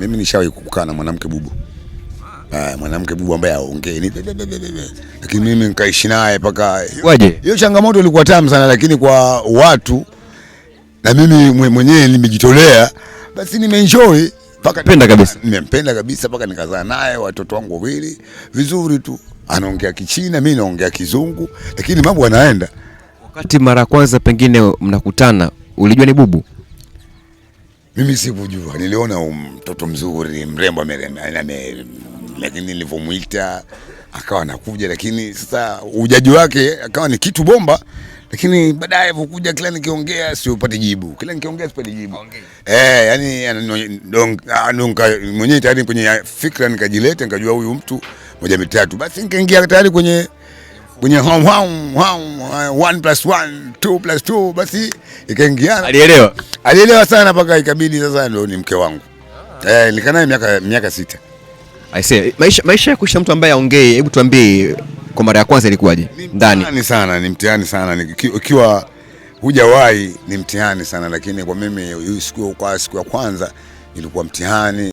Mimi nishawahi kukaa na mwanamke bubu Ah, mwanamke bubu ambaye aongee. Lakini mimi nkaishi naye paka waje. Hiyo changamoto ilikuwa tamu sana, lakini kwa watu na mimi mwenyewe nimejitolea, basi nimeenjoy paka penda kabisa. Nimempenda kabisa paka nikazaa naye watoto wangu wawili vizuri tu. Anaongea Kichina, mimi naongea Kizungu, lakini mambo yanaenda. Wakati mara kwanza pengine mnakutana, ulijua ni bubu? Mimi sikujua, niliona mtoto mzuri mrembo ame, lakini nilivyomwita akawa anakuja, lakini sasa ujaji wake akawa ni kitu bomba, lakini baadaye vokuja, kila nikiongea siupati jibu, kila nikiongea sipati jibu Eh, yani anonka mwenyewe tayari kwenye fikra nikajileta, nikajua huyu mtu moja mitatu, basi nikaingia tayari kwenye kwenye home home home one plus one plus basi ikaingiana. Alielewa, alielewa sana mpaka ikabidi sasa ndio ni mke wangu ah. Eh, naye miaka miaka sita. I say, maisha maisha ya kuisha mtu ambaye aongee, hebu tuambie kwa mara ya kwanza ilikuwaje? Ndani sana ni mtihani sana, ikiwa hujawahi ni mtihani sana, lakini kwa mimi siku kwa siku ya kwanza ilikuwa mtihani.